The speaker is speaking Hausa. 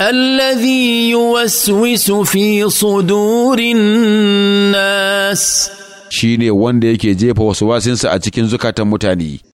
الذي يوسوس في صدور الناس shine wanda yake jefa wasu wasinsa a cikin zukatan mutane